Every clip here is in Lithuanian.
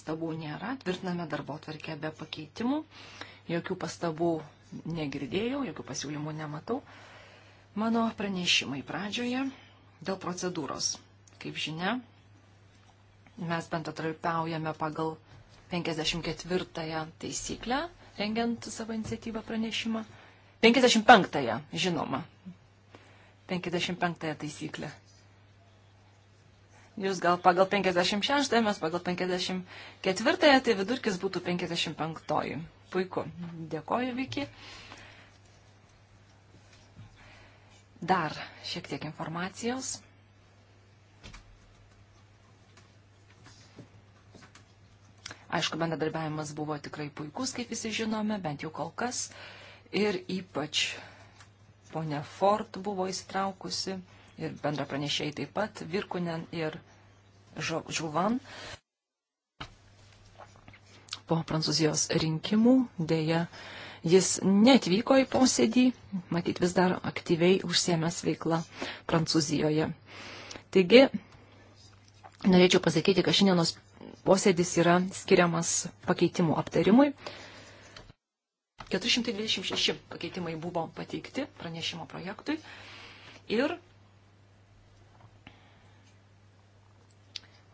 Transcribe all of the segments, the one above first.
pastabų nėra, tvirtiname darbo tvarkę be pakeitimų, jokių pastabų negirdėjau, jokių pasiūlymų nematau. Mano pranešimai pradžioje dėl procedūros. Kaip žinia, mes bendratarpiaujame pagal 54 taisyklę, rengiant savo iniciatyvą pranešimą. 55-ąją, žinoma. 55-ąją taisyklę. Jūs gal pagal 56, mes pagal 54, tai vidurkis būtų 55. Puiku. Dėkoju, Viki. Dar šiek tiek informacijos. Aišku, bendradarbiavimas buvo tikrai puikus, kaip visi žinome, bent jau kol kas. Ir ypač ponia Ford buvo įsitraukusi ir bendra pranešėjai taip pat, Virkunen ir Žuvan. Po Prancūzijos rinkimų dėja jis netvyko į posėdį, matyt vis dar aktyviai užsiemęs veiklą Prancūzijoje. Taigi, norėčiau pasakyti, kad šiandienos posėdis yra skiriamas pakeitimų aptarimui. 426 pakeitimai buvo pateikti pranešimo projektui ir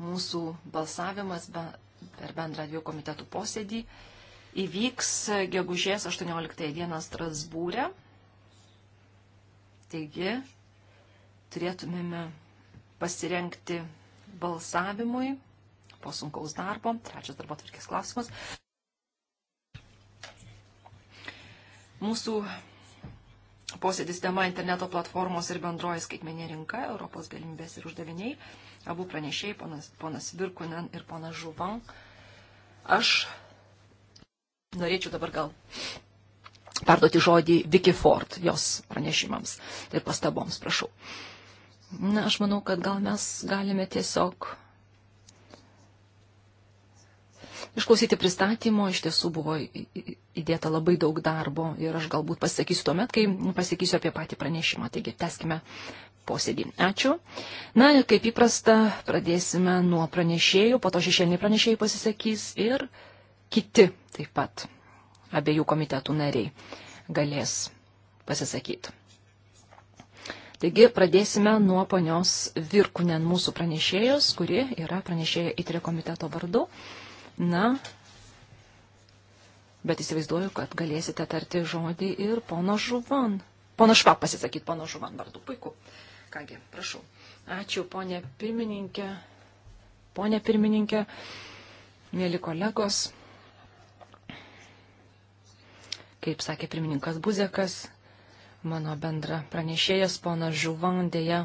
mūsų balsavimas per bendrą dviejų komitetų posėdį įvyks gegužės 18 dieną Strasbūrė. Taigi turėtumėme pasirenkti balsavimui po sunkaus darbo. Trečias darbo atvirkės klausimas. Mūsų posėdis tema interneto platformos ir bendroji skaitmenė rinka, Europos galimybės ir uždaviniai abu pranešėjai, ponas, ponas Virkunen ir ponas Žuvan. Aš norėčiau dabar gal perduoti žodį Vicky Ford jos pranešimams ir pastaboms, prašau. Na, aš manau, kad gal mes galime tiesiog išklausyti pristatymo, iš tiesų buvo įdėta labai daug darbo ir aš galbūt pasakysiu tuomet, kai pasakysiu apie patį pranešimą. Taigi, teskime posėdį. Ačiū. Na ir kaip įprasta, pradėsime nuo pranešėjų, po to šešėliniai pranešėjai pasisakys ir kiti taip pat abiejų komitetų nariai galės pasisakyti. Taigi pradėsime nuo ponios Virkunen mūsų pranešėjos, kuri yra pranešėja įtrė komiteto vardu. Na, bet įsivaizduoju, kad galėsite tarti žodį ir pono Žuvan. Pono Švab pasisakyti pono Žuvan vardu. Puiku. Kągi, prašau. Ačiū, ponė pirmininkė. Ponė pirmininkė, mėly kolegos. Kaip sakė pirmininkas Buzekas, mano bendra pranešėjas, ponas Žuvandėje,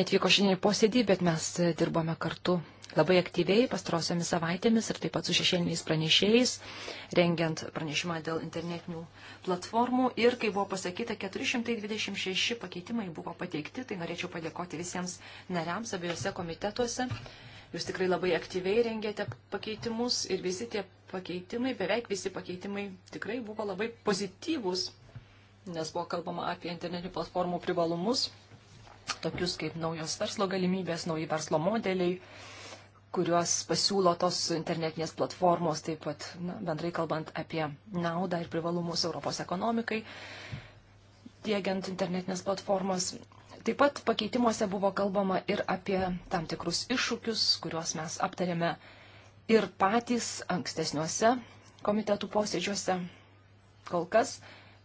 netvyko šiandien posėdį, bet mes dirbome kartu labai aktyviai pastarosiomis savaitėmis ir taip pat su šešėliniais pranešėjais, rengiant pranešimą dėl internetinių platformų. Ir kai buvo pasakyta, 426 pakeitimai buvo pateikti, tai norėčiau padėkoti visiems nariams abiejose komitetuose. Jūs tikrai labai aktyviai rengėte pakeitimus ir visi tie pakeitimai, beveik visi pakeitimai tikrai buvo labai pozityvūs, nes buvo kalbama apie internetinių platformų privalumus tokius kaip naujos verslo galimybės, nauji verslo modeliai, kuriuos pasiūlo tos internetinės platformos, taip pat na, bendrai kalbant apie naudą ir privalumus Europos ekonomikai, dėgiant internetinės platformas. Taip pat pakeitimuose buvo kalbama ir apie tam tikrus iššūkius, kuriuos mes aptarėme ir patys ankstesniuose komitetų posėdžiuose. Kol kas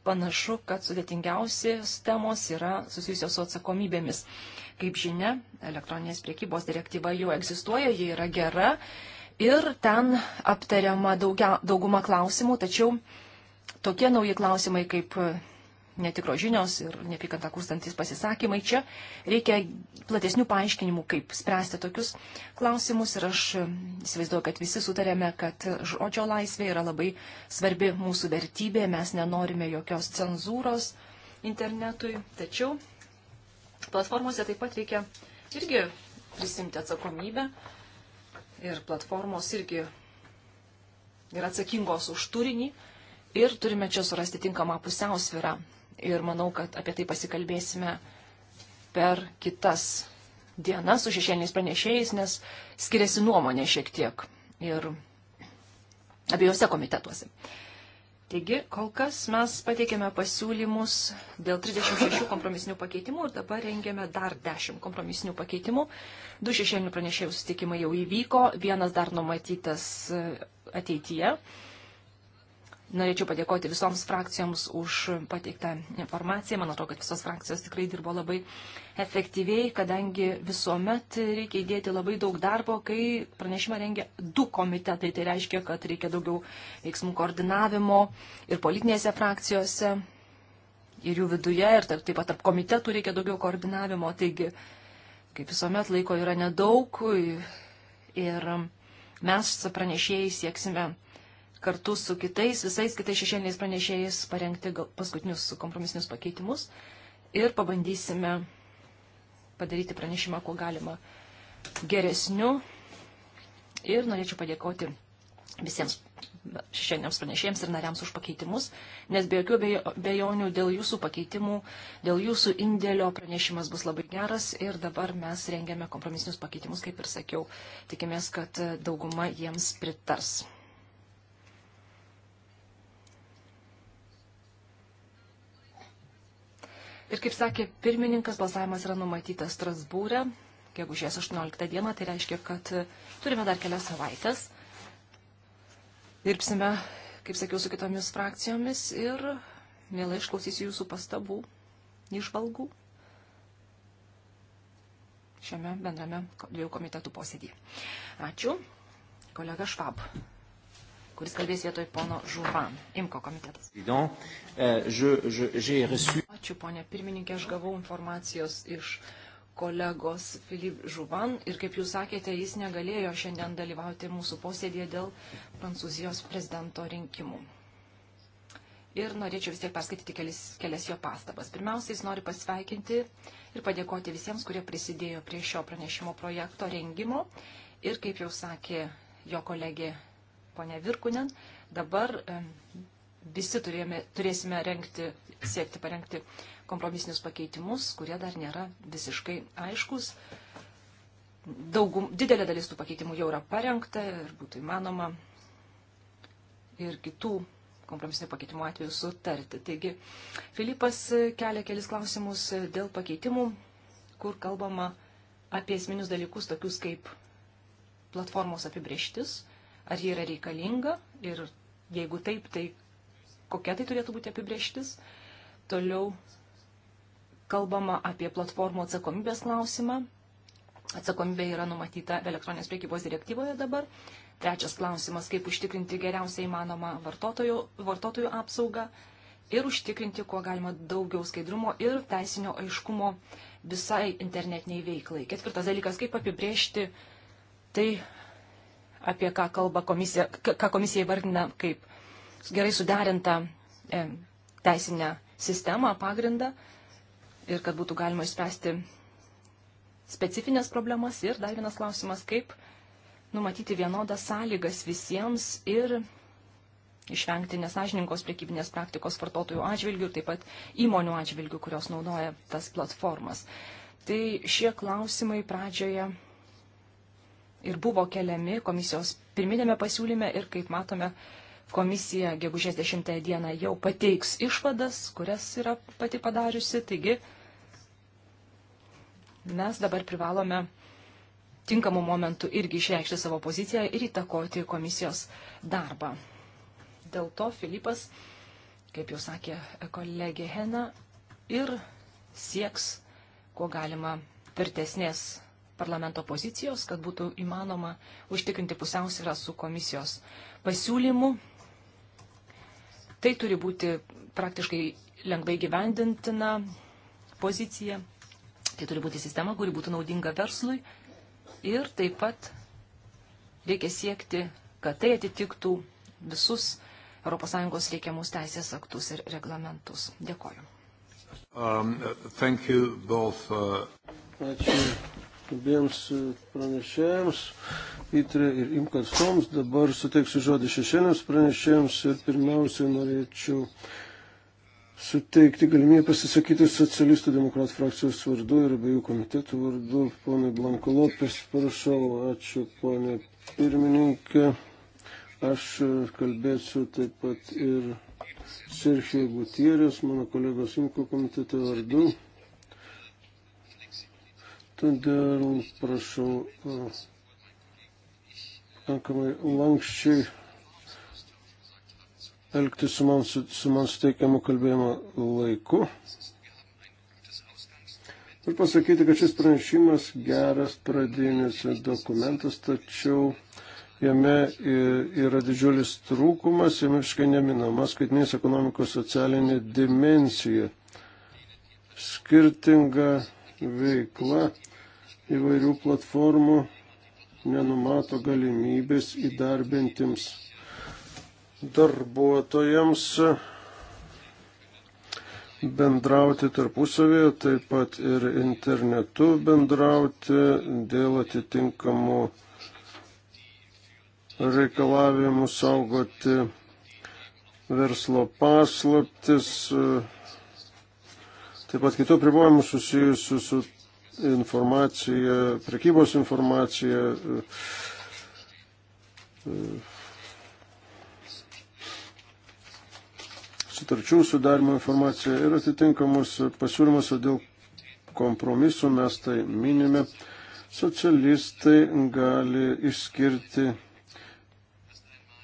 panašu, kad sudėtingiausios temos yra susijusios su atsakomybėmis. Kaip žinia, elektroninės priekybos direktyva jau egzistuoja, ji yra gera ir ten aptariama daugia, dauguma klausimų, tačiau tokie nauji klausimai kaip netikros žinios ir neapykantą kurstantis pasisakymai. Čia reikia platesnių paaiškinimų, kaip spręsti tokius klausimus ir aš įsivaizduoju, kad visi sutarėme, kad žodžio laisvė yra labai svarbi mūsų vertybė, mes nenorime jokios cenzūros internetui, tačiau platformose taip pat reikia irgi prisimti atsakomybę ir platformos irgi yra atsakingos už turinį ir turime čia surasti tinkamą pusiausvyrą ir manau, kad apie tai pasikalbėsime per kitas dienas su šešėliniais pranešėjais, nes skiriasi nuomonė šiek tiek ir abiejose komitetuose. Taigi, kol kas mes pateikėme pasiūlymus dėl 36 kompromisinių pakeitimų ir dabar rengėme dar 10 kompromisinių pakeitimų. Du šešėlinių pranešėjų susitikimai jau įvyko, vienas dar numatytas e, ateityje. Uh, Norėčiau padėkoti visoms frakcijoms už pateiktą informaciją. Man atrodo, kad visos frakcijos tikrai dirbo labai efektyviai, kadangi visuomet reikia įdėti labai daug darbo, kai pranešimą rengia du komitetai. Tai reiškia, kad reikia daugiau veiksmų koordinavimo ir politinėse frakcijose, ir jų viduje, ir tarp, taip pat tarp komitetų reikia daugiau koordinavimo. Taigi, kaip visuomet, laiko yra nedaug ir mes pranešėjai sieksime kartu su kitais, visais kitais šešėliniais pranešėjais parengti paskutinius kompromisinius pakeitimus ir pabandysime padaryti pranešimą, kuo galima geresniu. Ir norėčiau padėkoti visiems šiandiems pranešėjams ir nariams už pakeitimus, nes be jokių bejonių dėl jūsų pakeitimų, dėl jūsų indėlio pranešimas bus labai geras ir dabar mes rengiame kompromisinius pakeitimus, kaip ir sakiau, tikimės, kad dauguma jiems pritars. Ir kaip sakė pirmininkas, balsavimas yra numatytas Strasbūrė, gegužės 18 dieną, tai reiškia, kad turime dar kelias savaitės. Dirbsime, kaip sakiau, su kitomis frakcijomis ir mielai išklausysiu jūsų pastabų, išvalgų šiame bendrame dviejų komitetų posėdėje. Ačiū. Kolega Švab, kuris kalbės vietoj pono Žuvan, Imko komitetas. Euh, je, je, Ačiū, ponė pirmininkė, aš gavau informacijos iš kolegos Filip Žuvan ir kaip jūs sakėte, jis negalėjo šiandien dalyvauti mūsų posėdėje dėl Prancūzijos prezidento rinkimų. Ir norėčiau vis tiek perskaityti kelis, kelias jo pastabas. Pirmiausia, jis nori pasveikinti ir padėkoti visiems, kurie prisidėjo prie šio pranešimo projekto rengimo. Ir kaip jau sakė jo kolegė ponė Virkunen, dabar visi turėjome, turėsime renkti, siekti parengti kompromisinius pakeitimus, kurie dar nėra visiškai aiškus. Daugum, didelė dalis tų pakeitimų jau yra parengta ir būtų įmanoma ir kitų kompromisinio pakeitimo atveju sutarti. Taigi, Filipas kelia kelis klausimus dėl pakeitimų, kur kalbama apie esminius dalykus, tokius kaip platformos apibrieštis, ar ji yra reikalinga ir jeigu taip, tai kokia tai turėtų būti apibrieštis. Toliau kalbama apie platformų atsakomybės klausimą. Atsakomybė yra numatyta elektroninės priekybos direktyvoje dabar. Trečias klausimas, kaip užtikrinti geriausiai įmanomą vartotojų, vartotojų apsaugą ir užtikrinti, kuo galima daugiau skaidrumo ir teisinio aiškumo visai internetiniai veiklai. Ketvirtas dalykas, kaip apibriežti tai, apie ką, komisija, ką komisija įvardina kaip gerai suderintą e, teisinę sistemą, pagrindą ir kad būtų galima išspręsti specifines problemas. Ir dar vienas klausimas, kaip numatyti vienodas sąlygas visiems ir išvengti nesažininkos priekybinės praktikos vartotojų atžvilgių ir taip pat įmonių atžvilgių, kurios naudoja tas platformas. Tai šie klausimai pradžioje ir buvo keliami komisijos pirminėme pasiūlyme ir kaip matome, Komisija gegužės 10 dieną jau pateiks išvadas, kurias yra pati padariusi, taigi mes dabar privalome tinkamų momentų irgi išreikšti savo poziciją ir įtakoti komisijos darbą. Dėl to Filipas, kaip jau sakė kolegė Hena, ir sieks, kuo galima, tvirtesnės parlamento pozicijos, kad būtų įmanoma užtikrinti pusiausvyrą su komisijos pasiūlymu Tai turi būti praktiškai lengvai gyvendintina pozicija. Tai turi būti sistema, kuri būtų naudinga verslui. Ir taip pat reikia siekti, kad tai atitiktų visus ES reikiamus teisės aktus ir reglamentus. Dėkoju. Um, both, uh... Ačiū abiems e, pranešėjams, įtrė ir imkatsoms. Dabar suteiksiu žodį šešėliams pranešėjams ir pirmiausia norėčiau suteikti galimybę pasisakyti socialistų demokratų frakcijos vardu ir abiejų komitetų vardu. Pone Blanko Lopės, prašau, ačiū pone pirmininkė. Aš e, kalbėsiu taip pat ir Serhijai Gutierės, mano kolegos Imko komiteto vardu. Todėl prašau e, pakankamai lankščiai elgti su man, su, su man suteikiamu kalbėjimo laiku. Ir pasakyti, kad šis pranešimas geras pradinis dokumentas, tačiau jame yra didžiulis trūkumas, jame visiškai neminama skaitminės ekonomikos socialinė dimensija. Skirtinga veikla įvairių platformų nenumato galimybės įdarbintiems darbuotojams bendrauti tarpusavėje, taip pat ir internetu bendrauti dėl atitinkamų reikalavimų saugoti verslo paslaptis, Taip pat kitų pribojimų susijusių su informacija, prekybos informacija. E, e, sutarčių sudarimo informacija ir atitinkamus pasiūlymus dėl kompromisų mes tai minime. Socialistai gali išskirti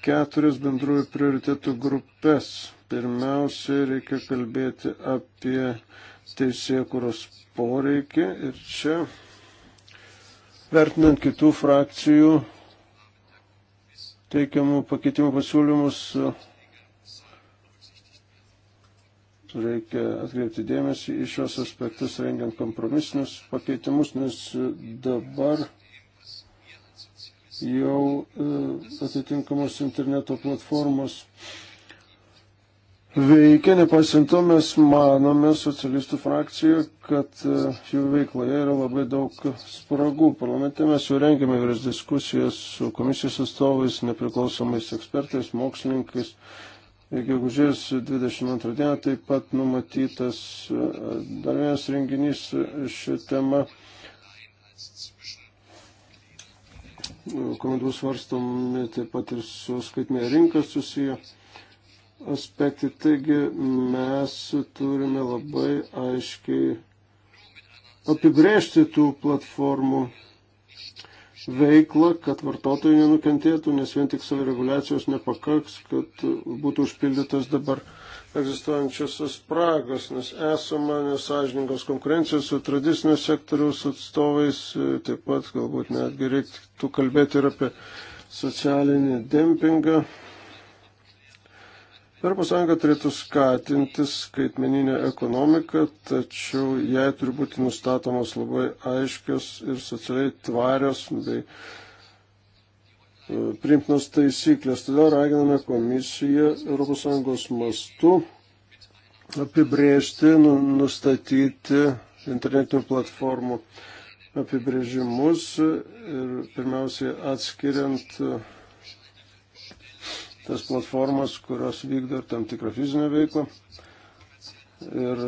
keturias bendrųjų prioritėtų grupės. Pirmiausia, reikia kalbėti apie teisėkuros poreikį ir čia vertinant kitų frakcijų teikiamų pakeitimų pasiūlymus reikia atkreipti dėmesį į šios aspektus rengiant kompromisinius pakeitimus, nes dabar jau e, atitinkamos interneto platformos veikia, nepaisant to mes manome socialistų frakcijoje, kad e, jų veikloje yra labai daug spragų. Parlamente mes jau rengiame įvairias diskusijas su komisijos atstovais, nepriklausomais ekspertais, mokslininkais. Gegužės 22 dieną taip pat numatytas e, dar vienas renginys šią temą. E, Kuomet bus svarstomi taip pat ir su skaitmė rinka susiję aspektai. Taigi mes turime labai aiškiai apibrėžti tų platformų veiklą, kad vartotojai nenukentėtų, nes vien tik savireguliacijos nepakaks, kad būtų užpildytas dabar egzistuojančios spragos, nes esama nesažiningos konkurencijos su tradicinio sektoriaus atstovais, taip pat galbūt netgi reiktų kalbėti ir apie socialinį dempingą. ES turėtų skatinti skaitmeninę ekonomiką, tačiau jai turi būti nustatomos labai aiškios ir socialiai tvarios bei e, priimtinos taisyklės. Todėl raginame komisiją ES mastu apibrėžti, nu, nustatyti internetinių platformų apibrėžimus ir pirmiausiai atskiriant tas platformas, kurios vykdo ir tam tikrą fizinę veiklą. Ir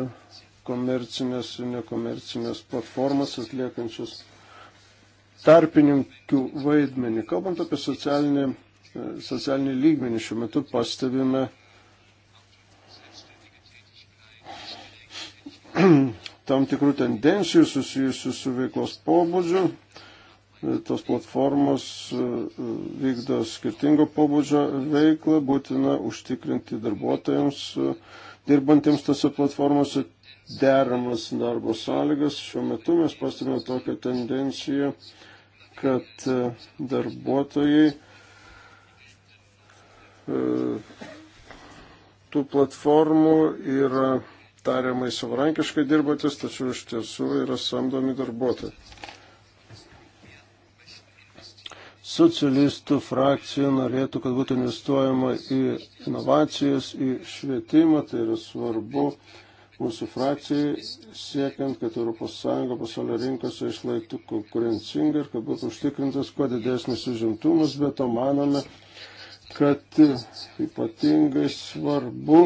komercinės ir nekomercinės platformas atliekančios tarpininkų vaidmenį. Kalbant apie socialinį, socialinį lygmenį, šiuo metu pastebime tam tikrų tendencijų susijusių su veiklos pobūdžiu, tos platformos e, e, vykdo skirtingo pobūdžio veiklą, būtina užtikrinti darbuotojams, e, dirbantiems tose platformose deramas darbo sąlygas. Šiuo metu mes pastebime tokią tendenciją, kad darbuotojai tų platformų yra tariamai savarankiškai dirbantis, tačiau iš tiesų yra samdomi darbuotojai socialistų frakcija norėtų, kad būtų investuojama į inovacijas, į švietimą, tai yra svarbu mūsų frakcijai, siekiant, kad ES pasaulio rinkose išlaiktų konkurencingą ir kad būtų užtikrintas kuo didesnis užimtumas, bet to manome, kad ypatingai svarbu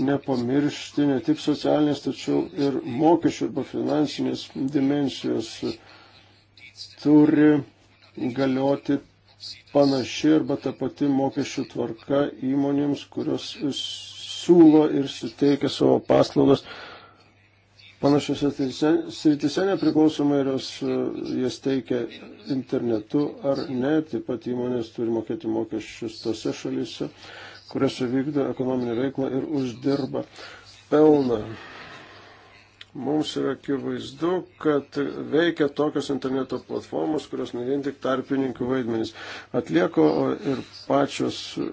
nepamiršti ne tik socialinės, tačiau ir mokesčių arba finansinės dimensijos turi galioti panaši arba ta pati mokesčių tvarka įmonėms, kurios siūlo ir suteikia savo paslaugas panašiose sritise, nepriklausomai ar jos jas teikia internetu ar ne, taip pat įmonės turi mokėti mokesčius tose šalyse, kuriuose vykdo ekonominį veiklą ir uždirba pelną mums yra akivaizdu, kad veikia tokios interneto platformos, kurios ne vien tik tarpininkų vaidmenys atlieko ir pačios e,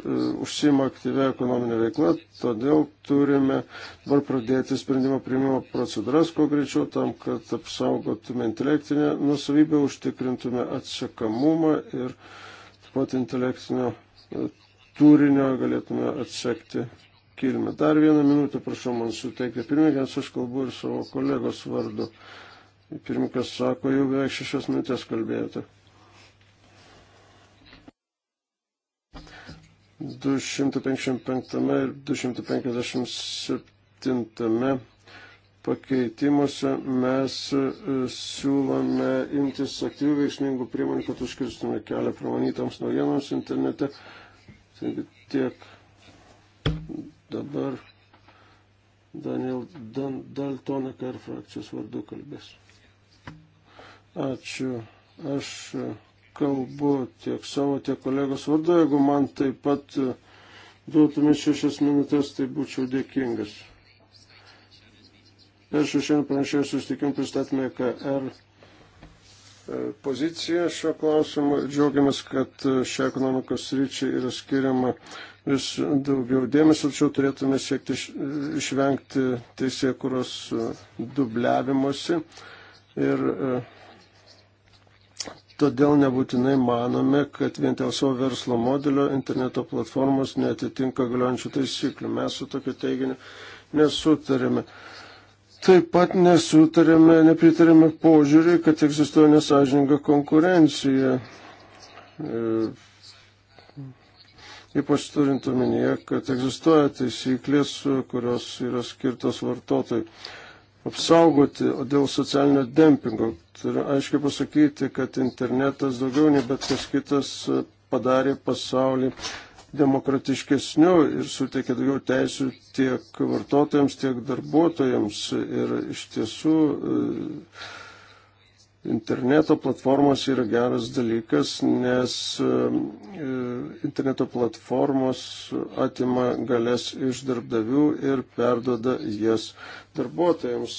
užsima aktyvę ekonominę veiklą, todėl turime dabar pradėti sprendimo priimimo procedūras, kuo greičiau, tam, kad apsaugotume intelektinę nusavybę, užtikrintume atsekamumą ir taip pat intelektinio e, turinio galėtume atsekti kilmę. Dar vieną minutę prašau man suteikti. Pirmininkas, aš kalbu ir savo kolegos vardu. Pirmininkas sako, jau beveik šešias minutės kalbėjote. 255 ir 257 pakeitimuose mes e, siūlome imtis aktyvių veiksmingų priemonių, kad užkirstume kelią pramanytoms naujienoms internete. Taigi tiek Dabar Daniel Dan, Daltonaker frakcijos vardu kalbės. Ačiū. Aš kalbu tiek savo, tiek kolegos vardu. Jeigu man taip pat duotumėt šešias minutės, tai būčiau dėkingas. Per šiandien pranešėjų susitikimą pristatymė e KR e, poziciją šio klausimu. Džiaugiamės, kad šią ekonomikos ryčią yra skiriama vis daugiau dėmesio, tačiau turėtume siekti išvengti teisė, kurios e, dubliavimuose. Ir e, todėl nebūtinai manome, kad vien dėl savo verslo modelio interneto platformos netitinka galiojančių taisyklių. Mes su tokiu teiginiu nesutarėme. Taip pat nesutarėme, nepritarėme požiūrį, kad egzistuoja nesažininga konkurencija. E, ypač turint omenyje, kad egzistuoja taisyklės, kurios yra skirtos vartotojai apsaugoti, o dėl socialinio dempingo. Turiu aiškiai pasakyti, kad internetas daugiau nei bet kas kitas padarė pasaulį demokratiškesniu ir suteikė daugiau teisų tiek vartotojams, tiek darbuotojams. Ir iš tiesų. E, Interneto platformos yra geras dalykas, nes um, e, interneto platformos atima galės iš darbdavių ir perdoda jas darbuotojams,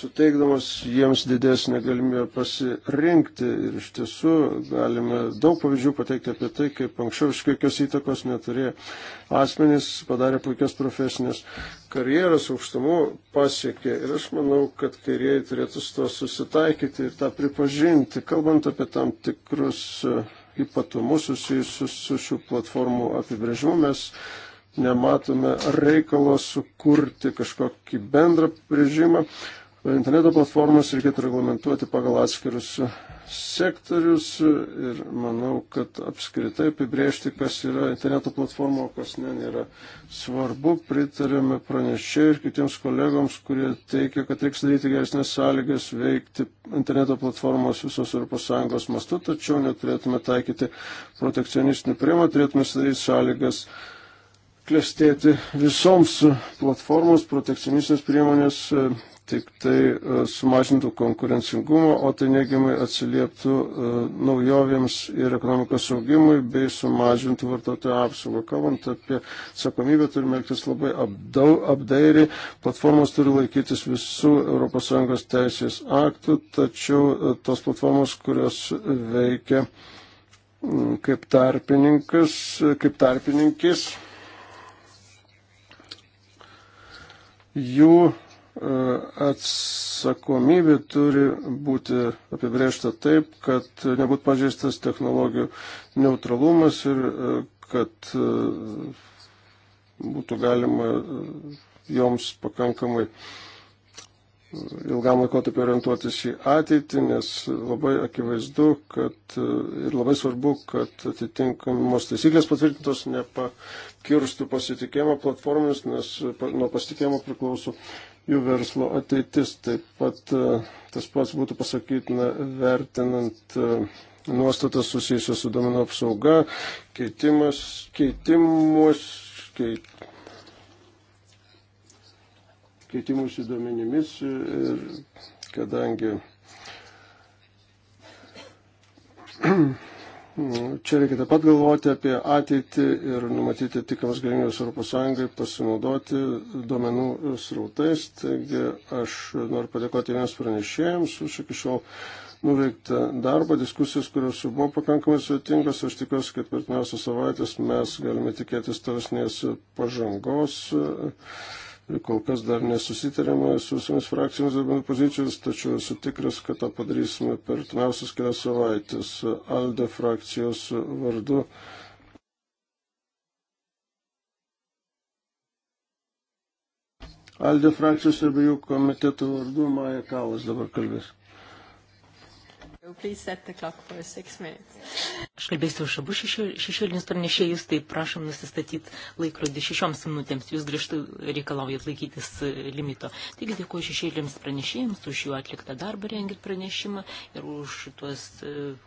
suteikdamas jiems didesnę galimybę pasirinkti. Ir iš tiesų galime daug pavyzdžių pateikti apie tai, kaip anksčiau iš kokios įtakos neturėjo asmenys, padarė puikias profesinės karjeras, aukštumų pasiekė. Ir aš manau, kad kairieji turėtų su to susitaikyti ir tą pripažinti, kalbant apie tam tikrus e, ypatumus susijusius su šių platformų apibrėžimu. Mes nematome reikalo sukurti kažkokį bendrą režimą. Interneto platformas reikėtų reglamentuoti pagal atskirus sektorius ir manau, kad apskritai apibriežti, kas yra interneto platforma, o kas ne, nėra svarbu. Pritarėme pranešėjai ir kitiems kolegoms, kurie teikia, kad reiks daryti geresnės sąlygas veikti interneto platformos visos ES mastu, tačiau neturėtume taikyti protekcionistinių priemonių, turėtume sudaryti sąlygas klestėti visoms platformoms, protekcionistinės priemonės e, tik tai e, sumažintų konkurencingumą, o tai neigiamai atsilieptų e, naujovėms ir ekonomikos augimui bei sumažintų vartotojų apsaugą. Kalbant apie atsakomybę, turime elgtis labai apdairiai. Platformos turi laikytis visų ES teisės aktų, tačiau tos platformos, kurios veikia kaip tarpininkas, kaip tarpininkis, jų e, atsakomybė turi būti apibrėžta taip, kad nebūtų pažeistas technologijų neutralumas ir e, kad e, būtų galima joms pakankamai uh, ilgam laikotarpiu orientuotis į ateitį, nes labai akivaizdu, kad ir labai svarbu, kad atitinkamos taisyklės patvirtintos nepakirstų pasitikėjimo platformomis, nes nuo pasitikėjimo priklauso jų verslo ateitis. Taip pat e, tas pats būtų pasakytina vertinant e, nuostatas susijusios su domino apsauga, keitimas, keitimus, keit, keitimusi duomenimis, kadangi nu, čia reikia taip pat galvoti apie ateitį ir numatyti tikamas galimybės ES pasinaudoti duomenų srautais. Taigi aš noriu padėkoti vieniems pranešėjams už iki šiol nuveiktą darbą, diskusijas, kurios jau buvo pakankamai sudėtingos. Aš tikiuosi, kad per pirmiausią savaitės mes galime tikėtis tolesnės pažangos. Uh, Kol kas dar nesusitarėme su visomis frakcijomis ir pozicijos, tačiau esu tikras, kad tą padarysime per tmiausias kelias savaitės. Alde frakcijos vardu. Alde frakcijos ir abiejų komitetų vardu Maja Kalas dabar kalbės. Aš kalbėsiu už abu šešėlinius pranešėjus, tai prašom nusistatyti laikrodį šešioms minutėms, jūs grįžtų reikalaujat laikytis e, limito. Taigi dėkuoju šešėliniams pranešėjams už jų atliktą darbą rengit pranešimą ir už tuos e,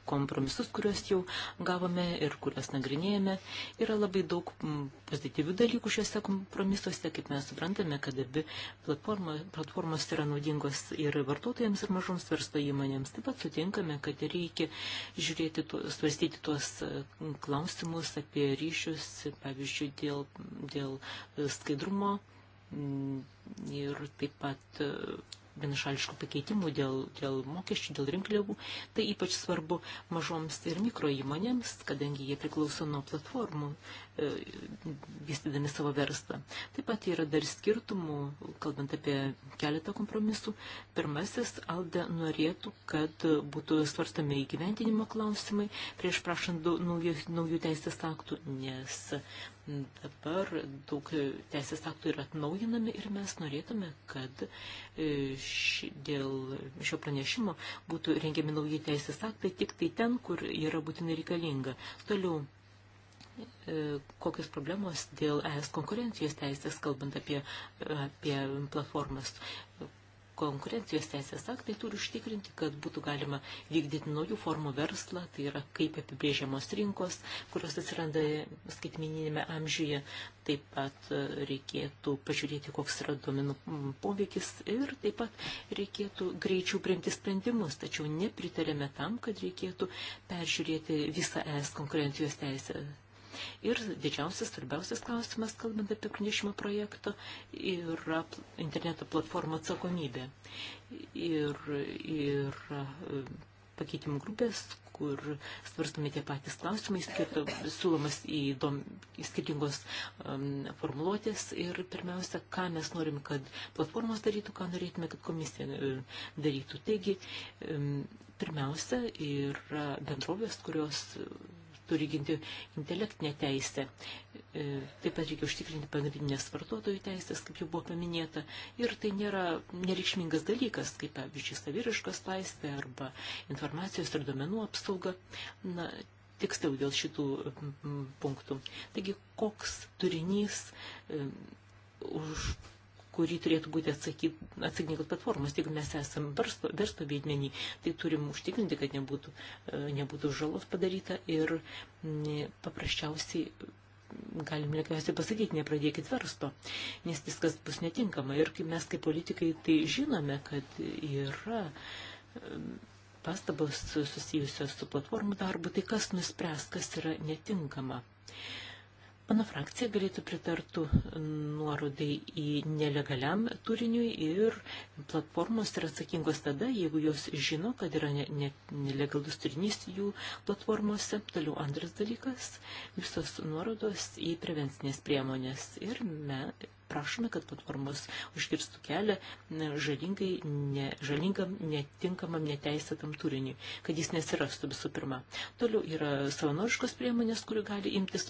kompromisus, kuriuos jau gavome ir kuriuos nagrinėjame. Yra labai daug pozityvių dalykų šiuose kompromisuose, kaip mes suprantame, kad abi platformos yra naudingos ir vartotojams, ir mažoms verslo įmonėms. Taip pat sutinkame manome, kad reikia žiūrėti, svarstyti tuos e, klausimus apie ryšius, pavyzdžiui, dėl, dėl e, skaidrumo ir taip pat e, vienašališkų pakeitimų dėl, dėl mokesčių, dėl rinkliavų. Tai ypač svarbu mažoms ir mikro įmonėms, kadangi jie priklauso nuo platformų, e, vystydami savo verslą. Taip pat yra dar skirtumų, kalbant apie keletą kompromisų. Pirmasis, Alde norėtų, kad būtų svarstami įgyventinimo klausimai prieš prašant naujų, naujų teisės aktų, nes Dabar daug teisės aktų yra atnaujinami ir mes norėtume, kad e, ši, dėl šio pranešimo būtų rengiami nauji teisės aktai tik tai ten, kur yra būtinai reikalinga. Toliau e, kokios problemos dėl ES konkurencijos teisės, kalbant apie, apie platformas, konkurencijos teisės aktai turi užtikrinti, kad būtų galima vykdyti naujų formų verslą, tai yra kaip apibrėžiamos rinkos, kurios atsiranda skaitmininėme amžiuje. Taip pat reikėtų pažiūrėti, koks yra duomenų poveikis ir taip pat reikėtų greičiau priimti sprendimus, tačiau nepritarėme tam, kad reikėtų peržiūrėti visą ES konkurencijos teisę Ir didžiausias, svarbiausias klausimas, kalbant apie pranešimo projektą, yra interneto platformų atsakomybė. Ir, ir e, pakeitimų grupės, kur svarstami tie patys klausimai, skirto, siūlomas į, dom, į skirtingos um, formuluotės ir pirmiausia, ką mes norim, kad platformos darytų, ką norėtume, kad komisija e, darytų. Taigi, um, pirmiausia, yra bendrovės, kurios turi ginti intelektinę teisę. E, taip pat reikia užtikrinti pagrindinės vartotojų teisės, kaip jau buvo paminėta. Ir tai nėra nereikšmingas dalykas, kaip pavyzdžiui, saviriškas laisvė arba informacijos ir duomenų apsauga. Na, tiksliau dėl šitų punktų. Taigi, koks turinys e, už kurį turėtų būti atsakingos platformos. Jeigu mes esame verslo, verslo veidmenį, tai turim užtikrinti, kad nebūtų, e, nebūtų žalos padaryta ir paprasčiausiai galim lengviausiai pasakyti, nepradėkit verslo, nes viskas bus netinkama. Ir mes kaip politikai tai žinome, kad yra pastabos susijusios su platformų darbu, tai kas nuspręs, kas yra netinkama. Mano frakcija galėtų pritartų nuorodai į nelegaliam turiniui ir platformos yra atsakingos tada, jeigu jos žino, kad yra ne, ne, nelegalus turinys jų platformose. Toliau antras dalykas - visos nuorodos į prevencinės priemonės. Ir me, prašome, kad platformos užkirstų kelią žalingai, ne, žalingam, netinkamam, neteisėtam turiniui, kad jis nesirastų visų pirma. Toliau yra savanoriškos priemonės, kurių gali imtis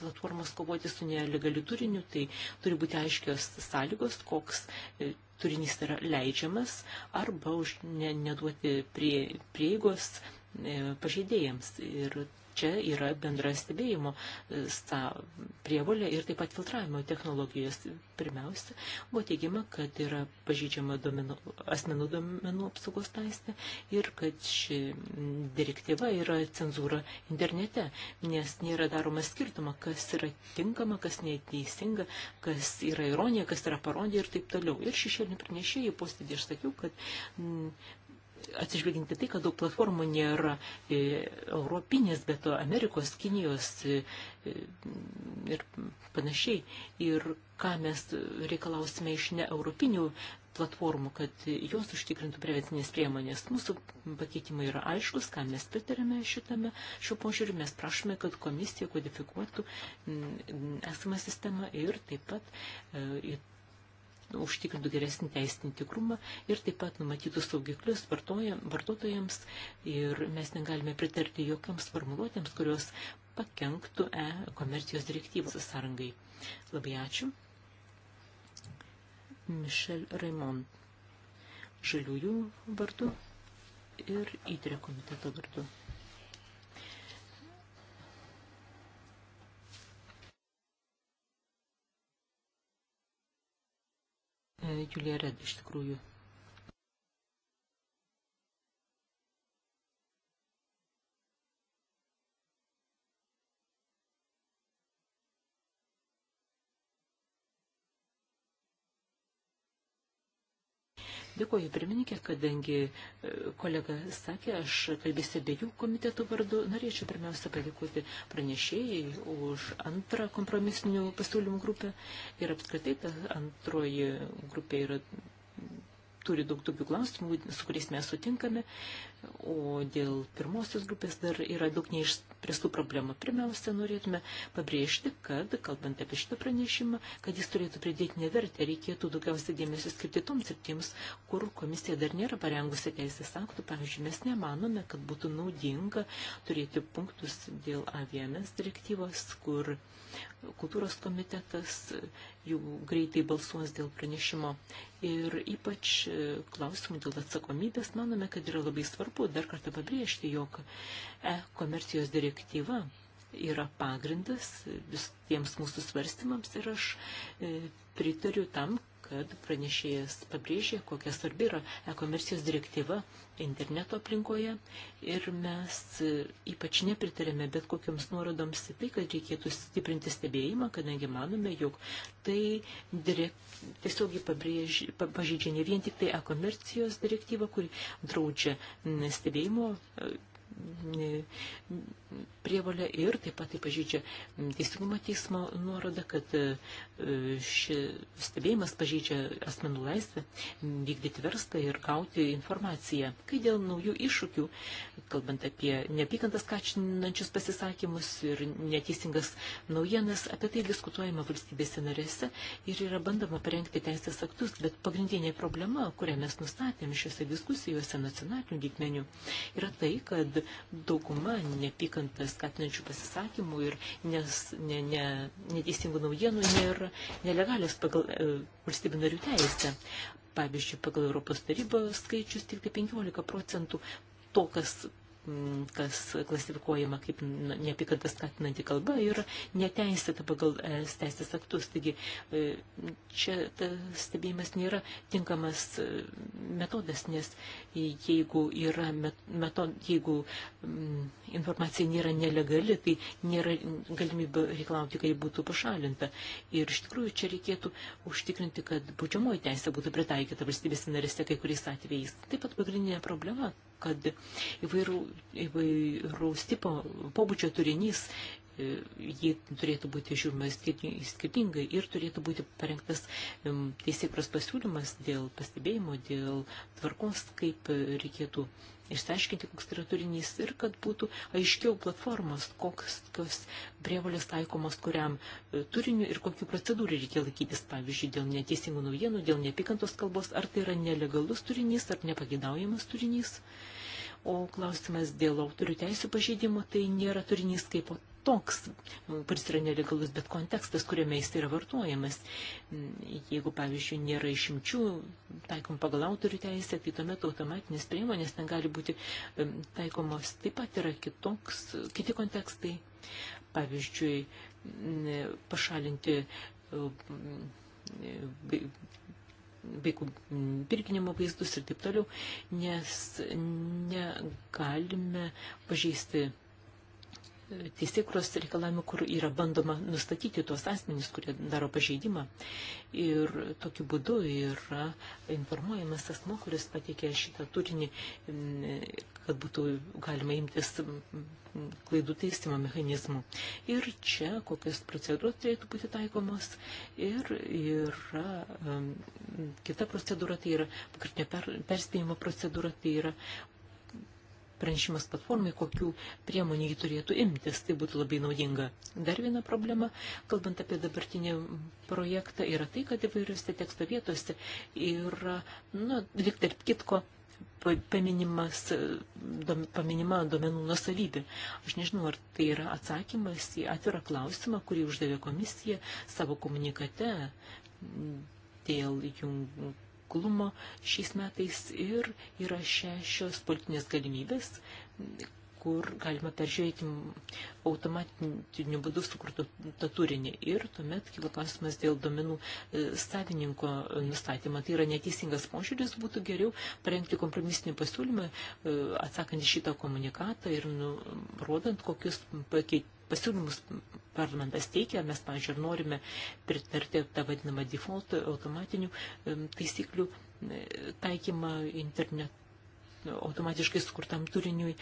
platformos kovoti su nelegaliu turiniu, tai turi būti aiškios sąlygos, koks e, turinys yra leidžiamas arba už ne, neduoti prie, prieigos e, pažeidėjams. Ir čia yra bendra stebėjimo e, prievolė ir taip pat filtravimo technologijos. Pirmiausia, buvo teigiama, kad yra pažydžiama domenu, asmenų domenų apsaugos taistė ir kad ši direktyva yra cenzūra internete, nes nėra daroma skirtuma, kas yra tinkama, kas neteisinga, kas yra ironija, kas yra parodija ir taip toliau. Ir šešėlinių pranešėjų postėdį aš sakiau, kad atsižvelginti tai, kad daug platformų nėra e, europinės, bet Amerikos, Kinijos e, e, ir panašiai. Ir ką mes reikalausime iš ne europinių platformų, kad jos užtikrintų prevencinės priemonės. Mūsų pakeitimai yra aiškus, ką mes pritarėme šitame šiuo požiūriu. Mes prašome, kad komisija kodifikuotų mm, esamą sistemą ir taip pat e, užtikrintų geresnį teisinį tikrumą ir taip pat numatytų saugiklius vartotojams ir mes negalime pritarti jokiams formuluotėms, kurios pakenktų e komercijos direktyvos sąrangai. Labai ačiū. Mišel Raimond, žaliųjų vardu ir įtrė komiteto vardu. Julija Red iš tikrųjų Dėkuoju pirmininkė, kadangi e, kolega sakė, aš kalbėsiu abiejų komitetų vardu. Norėčiau pirmiausia padėkoti pranešėjai už antrą kompromisinių pasiūlymų grupę ir apskritai ta antroji grupė yra turi daug tokių klausimų, su kuriais mes sutinkame, o dėl pirmosios grupės dar yra daug neišspręstų problemų. Pirmiausia, norėtume pabrėžti, kad, kalbant apie šitą pranešimą, kad jis turėtų pridėtinę vertę, reikėtų daugiausia dėmesio skirti toms sritims, kur komisija dar nėra parengusi teisės aktų. Pavyzdžiui, mes nemanome, kad būtų naudinga turėti punktus dėl AVMS direktyvos, kur kultūros komitetas jau greitai balsuos dėl pranešimo. Ir ypač e, klausimų dėl atsakomybės manome, kad yra labai svarbu dar kartą pabrėžti, jog e-komercijos direktyva yra pagrindas e, visiems mūsų svarstymams ir aš e, pritariu tam, kad pranešėjas pabrėžė, kokia svarbi yra e-komercijos direktyva interneto aplinkoje ir mes ypač nepritarėme bet kokiams nuorodoms į tai, kad reikėtų stiprinti stebėjimą, kadangi manome, jog tai direkt, tiesiog pažydžia ne vien tik tai e-komercijos direktyvą, kuri draudžia stebėjimo e, prievalę ir taip pat tai pažydžia teisingumo teismo nuorodą, kad šis stebėjimas pažeidžia asmenų laisvę vykdyti verstą ir gauti informaciją. Kai dėl naujų iššūkių, kalbant apie neapykantas kačinančius pasisakymus ir neteisingas naujienas, apie tai diskutuojama valstybėse narėse ir yra bandoma parengti teisės aktus, bet pagrindinė problema, kurią mes nustatėme šiuose diskusijose nacionalinių lygmenių, yra tai, kad dauguma neapykantas katinančių pasisakymų ir nes, ne, ne, neteisingų naujienų nėra yra nelegalios pagal e, valstybių narių teisę. Pavyzdžiui, pagal Europos tarybos skaičius tik 15 tai procentų to, kas kas mm, klasifikuojama kaip neapykantą skatinanti kalba, yra neteisėta pagal es teisės aktus. Taigi e, čia stebėjimas nėra tinkamas e, metodas, nes jeigu, yra metod, jeigu mm, informacija nėra nelegali, tai nėra galimybė reiklauti, kad ji būtų pašalinta. Ir iš tikrųjų čia reikėtų užtikrinti, kad būčiamoji teisė būtų pritaikyta valstybės narėse kai kuriais atvejais. Taip pat pagrindinė problema kad įvairų, įvairaus tipo pobūdžio turinys e, jį turėtų būti žiūrimas skirtingai ir turėtų būti parengtas teisėkros pasiūlymas dėl pastebėjimo, dėl tvarkos, kaip e, reikėtų išsiaiškinti, koks tai yra turinys ir kad būtų aiškiau platformos, koks, koks prievalės taikomas kuriam e, turiniu ir kokiu procedūrų reikia laikytis, pavyzdžiui, dėl neteisingų naujienų, dėl neapykantos kalbos, ar tai yra nelegalus turinys, ar nepagidaujamas turinys. O klausimas dėl autorių teisų pažeidimo, tai nėra turinys kaip toks, kuris yra nelegalus, bet kontekstas, kuriame jis yra vartojamas. Jeigu, pavyzdžiui, nėra išimčių, taikom pagal autorių teisę, tai tuomet automatinės priemonės negali būti taikomos. Taip pat yra kitoks, kiti kontekstai. Pavyzdžiui, pašalinti e, vaikų pirkinimo vaizdus ir taip toliau, nes negalime pažeisti teisėkros reikalavimų, kur yra bandoma nustatyti tuos asmenys, kurie daro pažeidimą. Ir tokiu būdu yra informuojamas asmo, kuris pateikė šitą turinį, kad būtų galima imtis klaidų teistimo mechanizmų. Ir čia kokios procedūros turėtų būti taikomos. Ir yra um, kita procedūra, tai yra pakartinio per, perspėjimo procedūra, tai yra pranešimas platformai, kokių priemonių jį turėtų imtis. Tai būtų labai naudinga. Dar viena problema, kalbant apie dabartinį projektą, yra tai, kad įvairiuose teksto vietose yra, nu, lyg tarp kitko, paminimas, paminima domenų nusavybė. Aš nežinau, ar tai yra atsakymas į atvirą klausimą, kurį uždavė komisija savo komunikate dėl jungų nuoseklumo šiais metais ir yra šešios politinės galimybės, kur galima peržiūrėti automatiniu būdu sukurtą tą turinį. Ir tuomet kilo klausimas dėl domenų e, savininko nustatymą. Tai yra neteisingas požiūris, būtų geriau parengti kompromisinį pasiūlymą, e, atsakant į šitą komunikatą ir nurodant, kokius pakeit, pasiūlymus parlamentas teikia, mes, pavyzdžiui, norime pritarti tą vadinamą default automatinių taisyklių e, taikymą internetu automatiškai sukurtam turiniui,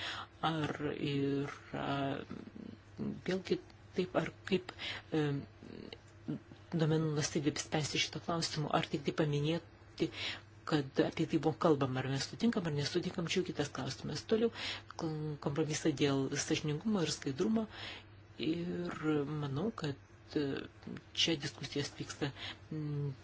ar ir vėlgi taip, ar kaip e, domenų nusavybė spręsti šitą klausimą, ar tik tai paminėti, kad apie tai buvo kalbama, ar mes sutinkam, ar nesutinkam, čia jau kitas klausimas. Toliau kompromisą dėl sažiningumo ir skaidrumo Ir manau, kad e, čia diskusijos vyksta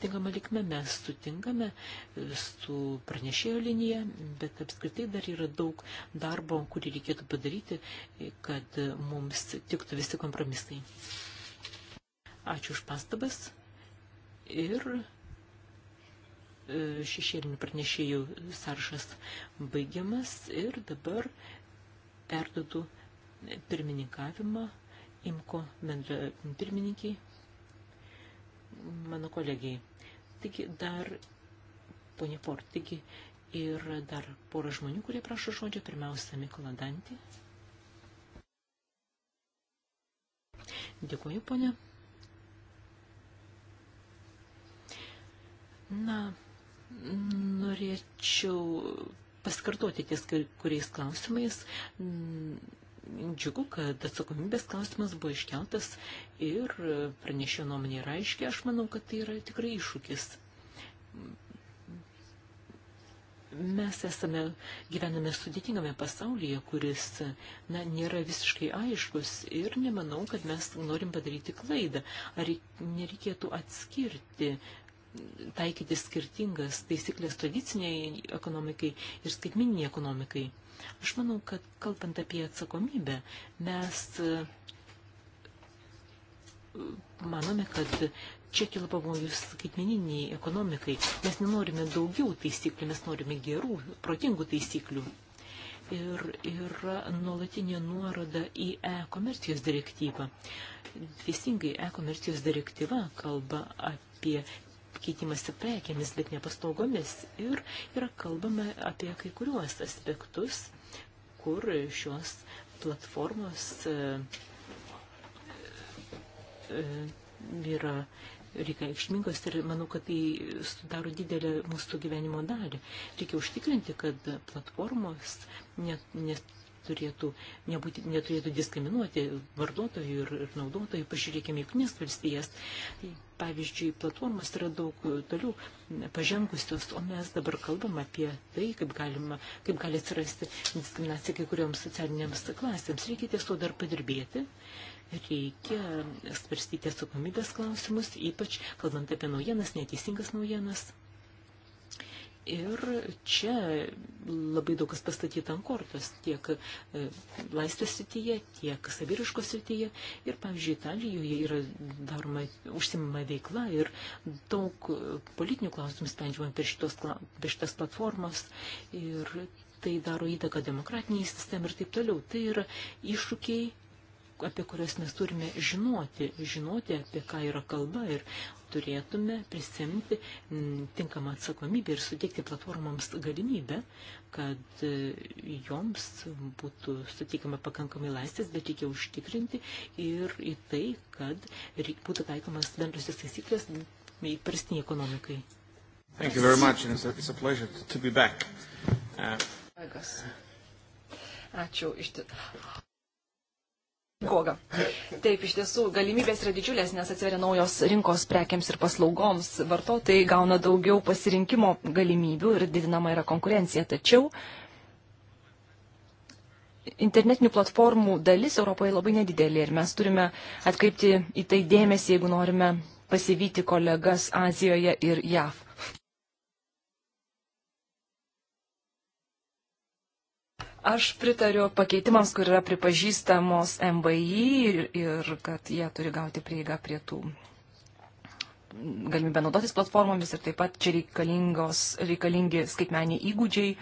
tinkama likme, mes sutinkame e, su pranešėjo linija, bet apskritai dar yra daug darbo, kurį reikėtų padaryti, e, kad mums tiktų visi kompromisai. Ačiū už pastabas ir šešėlinių pranešėjų sąrašas baigiamas ir dabar perdodu pirmininkavimą imko bendra pirmininkiai, mano kolegiai. Taigi dar, ponė Port, taigi ir dar pora žmonių, kurie prašo žodžio, pirmiausia, Mikola Dantį. Dėkuoju, ponė. Na, norėčiau paskartoti ties kuriais klausimais džiugu, kad atsakomybės klausimas buvo iškeltas ir pranešė nuomonė yra aiškiai. Aš manau, kad tai yra tikrai iššūkis. Mes esame, gyvename sudėtingame pasaulyje, kuris na, nėra visiškai aiškus ir nemanau, kad mes norim padaryti klaidą. Ar nereikėtų atskirti taikyti skirtingas taisyklės tradiciniai ekonomikai ir skaitmininiai ekonomikai. Aš manau, kad kalbant apie atsakomybę, mes e, manome, kad čia kila pavojus skaitmeniniai ekonomikai. Mes nenorime daugiau taisyklių, mes norime gerų, protingų taisyklių. Ir yra nuolatinė nuoroda į e-komercijos direktyvą. Teisingai, e-komercijos direktyva kalba apie keitimasi prekėmis, bet ne paslaugomis. Ir yra kalbama apie kai kuriuos aspektus, kur šios platformos e, e, yra reikšmingos ir manau, kad tai sudaro didelę mūsų gyvenimo dalį. Reikia užtikrinti, kad platformos net, net turėtų, nebūti, neturėtų diskriminuoti vartotojų ir, ir naudotojų. Pažiūrėkime, jungtinės valstijas. Tai, pavyzdžiui, platformos yra daug toliau pažengusios, o mes dabar kalbam apie tai, kaip, galima, kaip gali atsirasti diskriminacija kai kurioms socialinėms klasėms. Reikia ties to dar padirbėti reikia svarstyti atsakomybės klausimus, ypač kalbant apie naujienas, neteisingas naujienas. Ir čia labai daug kas pastatyta ant kortos, tiek e, laisvės srityje, tiek saviriškos srityje. Ir, pavyzdžiui, Italijoje yra daroma užsimama veikla ir daug politinių klausimų sprendžiama per, šitos, per šitas platformas. Ir tai daro įtaką demokratiniai sistemai ir taip toliau. Tai yra iššūkiai apie kurias mes turime žinoti, žinoti, apie ką yra kalba ir turėtume prisimti mm, tinkamą atsakomybę ir suteikti platformoms galimybę, kad e, joms būtų suteikama pakankamai laisvės, bet reikia užtikrinti ir į tai, kad būtų taikomas bendrasis taisyklės įprastiniai ekonomikai. Thank you very much, and it's a, it's a pleasure to be back. Uh... Ačiū. Iš Koga. Taip, iš tiesų, galimybės yra didžiulės, nes atsiveria naujos rinkos prekiams ir paslaugoms. Vartotojai gauna daugiau pasirinkimo galimybių ir didinama yra konkurencija. Tačiau internetinių platformų dalis Europoje labai nedidelė ir mes turime atkreipti į tai dėmesį, jeigu norime pasivyti kolegas Azijoje ir JAV. Aš pritariu pakeitimams, kur yra pripažįstamos MBI ir, ir kad jie turi gauti prieigą prie tų galimybę naudotis platformomis ir taip pat čia reikalingi skaitmeniai įgūdžiai,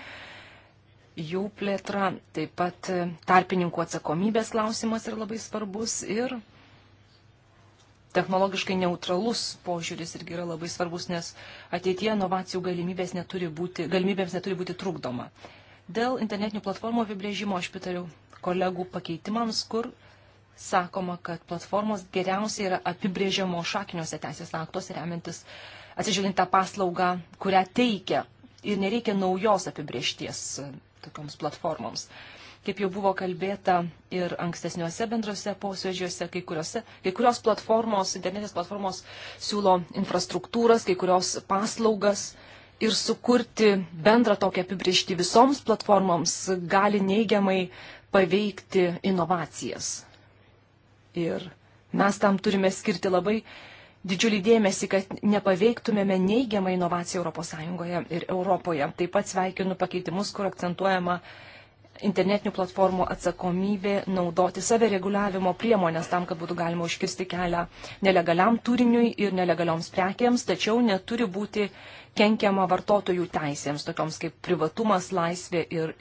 jų plėtra, taip pat tarpininkų atsakomybės klausimas yra labai svarbus ir technologiškai neutralus požiūris irgi yra labai svarbus, nes ateitie inovacijų galimybės neturi būti, galimybėms neturi būti trukdoma. Uh, Dėl internetinių platformų apibrėžimo aš pritariu kolegų pakeitimams, kur sakoma, kad platformos geriausiai yra apibrėžiamo šakiniuose teisės aktuose remiantis atsižvelgiant tą paslaugą, kurią teikia. Ir nereikia naujos apibriešties e, tokioms platformoms. Kaip jau buvo kalbėta ir ankstesniuose bendrose posėdžiuose, kai, kuriuose, kai kurios platformos, internetinės platformos siūlo infrastruktūras, kai kurios paslaugas, uh, ir sukurti bendrą tokią apibriežtį visoms platformoms gali neigiamai paveikti inovacijas. Ir mes tam turime skirti labai didžiulį dėmesį, kad nepaveiktumėme neigiamą inovaciją ES ir Europoje. Taip pat sveikinu pakeitimus, kur akcentuojama internetinių platformų atsakomybė naudoti savireguliavimo priemonės tam, kad būtų galima užkirsti kelią nelegaliam turiniui ir nelegalioms prekiams, tačiau neturi būti kenkiama vartotojų teisėms, tokioms kaip privatumas, laisvė ir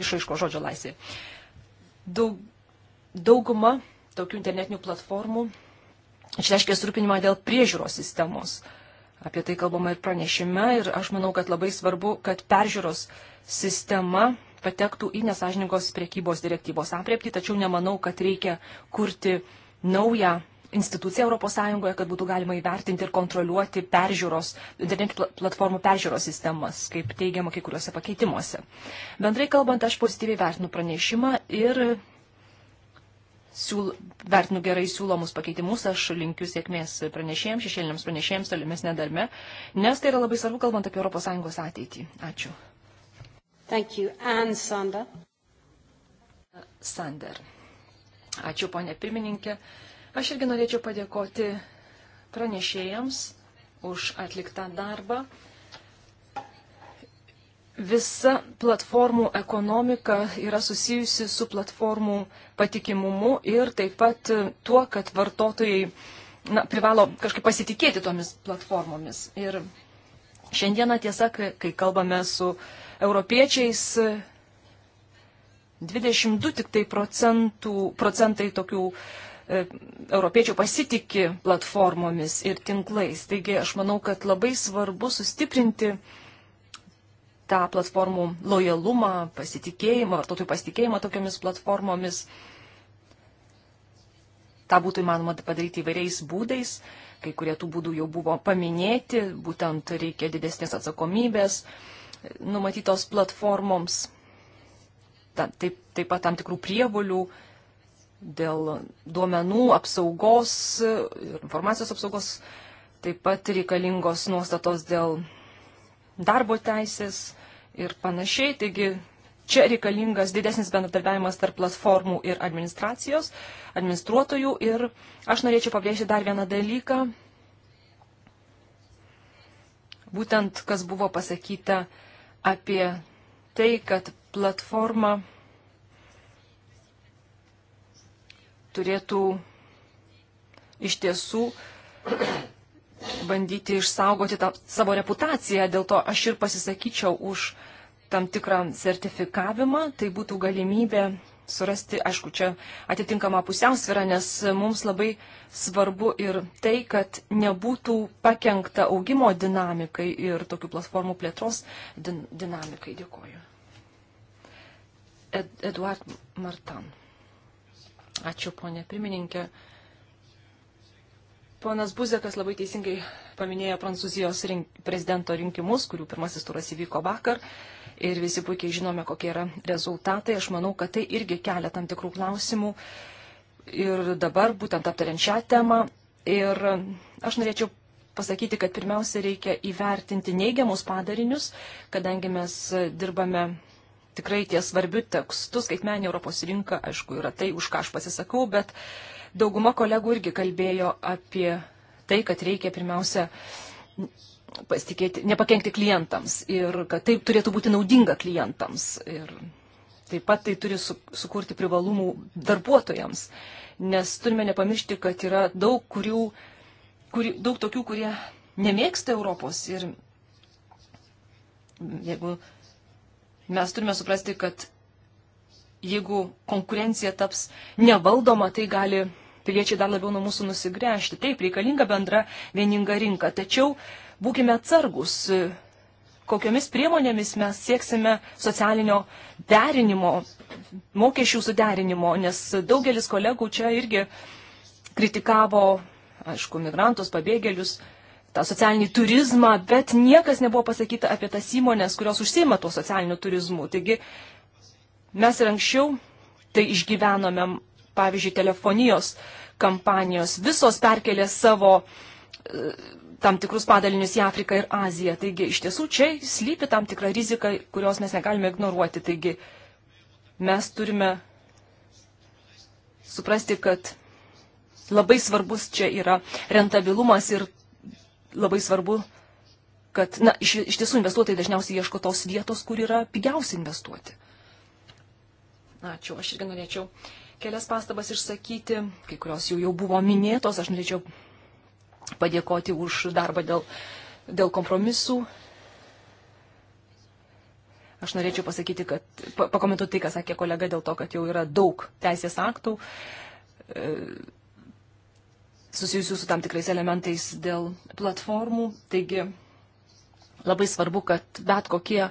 išaiško žodžio laisvė. Daug, dauguma tokių internetinių platformų išreiškia surūpinimą dėl priežiūros sistemos. Apie tai kalbama ir pranešime ir aš manau, kad labai svarbu, kad peržiūros sistema patektų į nesažiningos priekybos direktyvos apriepti, tačiau nemanau, kad reikia kurti naują instituciją ES, kad būtų galima įvertinti ir kontroliuoti peržiūros, internetų platformų peržiūros sistemas, kaip teigiama kai kuriuose pakeitimuose. Bendrai kalbant, aš pozityviai vertinu pranešimą ir siūl, vertinu gerai siūlomus pakeitimus, aš linkiu sėkmės pranešėjams, šešėliniams pranešėjams tolimesnė darme, nes tai yra labai svarbu, kalbant apie ES ateitį. Ačiū. Thank you. Ann Sander. Uh, Sander. Ačiū, ponė pirmininkė. Aš irgi norėčiau padėkoti pranešėjams už atliktą darbą. Visa platformų ekonomika yra susijusi su platformų patikimumu ir taip pat tuo, kad vartotojai na, privalo kažkaip pasitikėti tomis platformomis. Ir šiandieną tiesa, kai kalbame su uh, europiečiais 22 tik tai procentų, procentai tokių e, europiečių pasitiki platformomis ir tinklais. Taigi aš manau, kad labai svarbu sustiprinti tą platformų lojalumą, pasitikėjimą, vartotojų pasitikėjimą tokiamis platformomis. Ta būtų įmanoma padaryti įvairiais būdais, kai kurie tų būdų jau buvo paminėti, būtent reikia didesnės atsakomybės, numatytos platformoms, ta, taip, taip pat tam tikrų prievolių dėl duomenų apsaugos ir informacijos apsaugos, taip pat reikalingos nuostatos dėl darbo teisės ir panašiai. Taigi čia reikalingas didesnis bendradarbiavimas tarp platformų ir administracijos, administruotojų. Ir aš norėčiau pabrėžti dar vieną dalyką, būtent kas buvo pasakyta apie tai, kad platforma turėtų iš tiesų bandyti išsaugoti tą savo reputaciją. Dėl to aš ir pasisakyčiau už tam tikrą sertifikavimą. Tai būtų galimybė surasti, aišku, čia atitinkama pusiausvėra, nes mums labai svarbu ir tai, kad nebūtų pakengta augimo dinamikai ir tokių platformų plėtros din dinamikai. Dėkoju. Ed Eduard Martan. Ačiū, ponė pirmininkė. Ponas Buzekas labai teisingai paminėjo Prancūzijos rink prezidento rinkimus, kurių pirmasis turas įvyko vakar. Uh, ir visi puikiai žinome, kokie yra rezultatai. Aš manau, kad tai irgi kelia tam tikrų klausimų. Ir dabar, būtent aptariant šią temą, ir aš norėčiau pasakyti, kad pirmiausia reikia įvertinti neigiamus padarinius, kadangi mes dirbame tikrai tie svarbių tekstų, skaitmenė Europos rinka, aišku, yra tai, už ką aš pasisakau, bet dauguma kolegų irgi kalbėjo apie tai, kad reikia pirmiausia nepakengti klientams ir kad tai turėtų būti naudinga klientams. Ir taip pat tai turi su, sukurti privalumų darbuotojams, nes turime nepamiršti, kad yra daug, kurių, kuri, daug tokių, kurie nemėgsta Europos ir jeigu mes turime suprasti, kad jeigu konkurencija taps nevaldoma, tai gali piliečiai dar labiau nuo mūsų nusigręžti. Taip, reikalinga bendra vieninga rinka, tačiau uh, būkime atsargus, kokiomis priemonėmis mes sieksime socialinio derinimo, mokesčių suderinimo, nes daugelis kolegų čia irgi kritikavo, aišku, migrantus, pabėgėlius, tą socialinį turizmą, bet niekas nebuvo pasakyta apie tas įmonės, kurios užsima tuo socialiniu turizmu. Taigi mes ir anksčiau tai išgyvenome, pavyzdžiui, telefonijos kampanijos, visos perkelė savo tam tikrus padalinius į Afriką ir Aziją. Taigi iš tiesų čia slypi tam tikra rizika, kurios mes negalime ignoruoti. Taigi mes turime suprasti, kad labai svarbus čia yra rentabilumas ir labai svarbu, kad na, iš, iš tiesų investuotojai dažniausiai ieško tos vietos, kur yra pigiausiai investuoti. Ačiū, aš irgi norėčiau kelias pastabas išsakyti, kai kurios jų jau, jau buvo minėtos, aš norėčiau padėkoti už darbą dėl, dėl kompromisų. Aš norėčiau pasakyti, kad pakomentuoti tai, ką sakė kolega, dėl to, kad jau yra daug teisės aktų e, susijusių su tam tikrais elementais dėl platformų. Taigi labai svarbu, kad bet kokie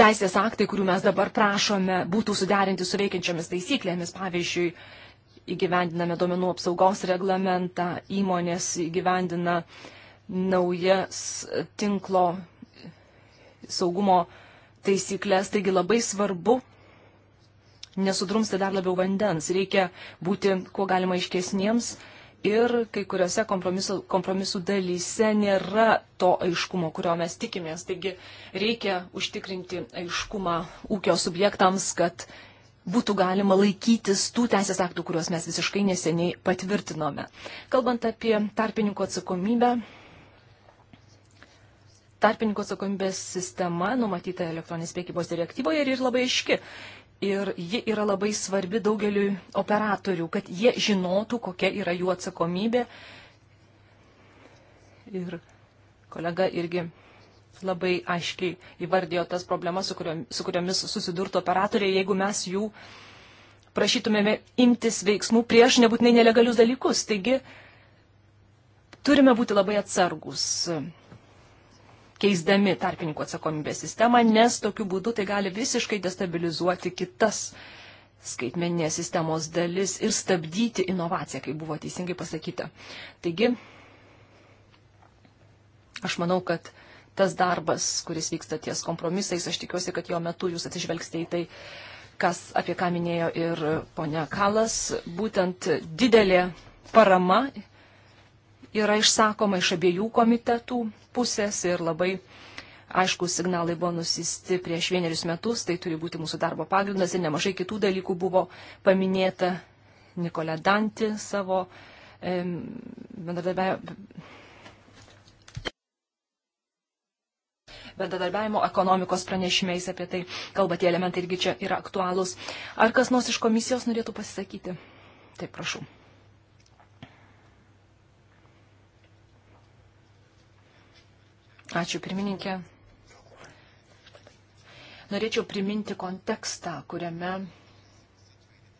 teisės aktai, kurių mes dabar prašome, būtų suderinti su veikiančiomis taisyklėmis. Pavyzdžiui, įgyvendiname duomenų apsaugos reglamentą, įmonės įgyvendina naujas tinklo saugumo taisyklės, taigi labai svarbu nesudrumsti dar labiau vandens. Reikia būti kuo galima aiškesniems ir kai kuriuose kompromisų, kompromisų dalyse nėra to aiškumo, kurio mes tikimės. Taigi reikia užtikrinti aiškumą ūkio subjektams, kad būtų galima laikytis tų teisės aktų, kuriuos mes visiškai neseniai patvirtinome. Kalbant apie tarpininko atsakomybę, tarpininko atsakomybės sistema numatyta elektroninės priekybos direktyvoje ir labai aiški. Ir ji yra labai svarbi daugeliu operatorių, kad jie žinotų, kokia yra jų atsakomybė. Ir kolega irgi labai aiškiai įvardijo tas problemas, su, kuriom, su kuriomis susidurtų operatoriai, jeigu mes jų prašytumėme imtis veiksmų prieš nebūtinai nelegalius dalykus. Taigi turime būti labai atsargus keisdami tarpininkų atsakomybės sistemą, nes tokiu būdu tai gali visiškai destabilizuoti kitas skaitmeninės sistemos dalis ir stabdyti inovaciją, kaip buvo teisingai pasakyta. Taigi, aš manau, kad tas darbas, kuris vyksta ties kompromisais. Aš tikiuosi, kad jo metu jūs atsižvelgsite į tai, kas, apie ką minėjo ir ponia Kalas. Būtent didelė parama yra išsakoma iš abiejų komitetų pusės ir labai aiškus signalai buvo nusisti prieš vienerius metus, tai turi būti mūsų darbo pagrindas ir nemažai kitų dalykų buvo paminėta Nikolė Danti savo e, bendradarbiavimo bendradarbiavimo ekonomikos pranešime, jis apie tai kalba, tie elementai irgi čia yra aktualūs. Ar kas nors iš komisijos norėtų pasisakyti? Taip, prašau. Ačiū, pirmininkė. Norėčiau priminti kontekstą, kuriame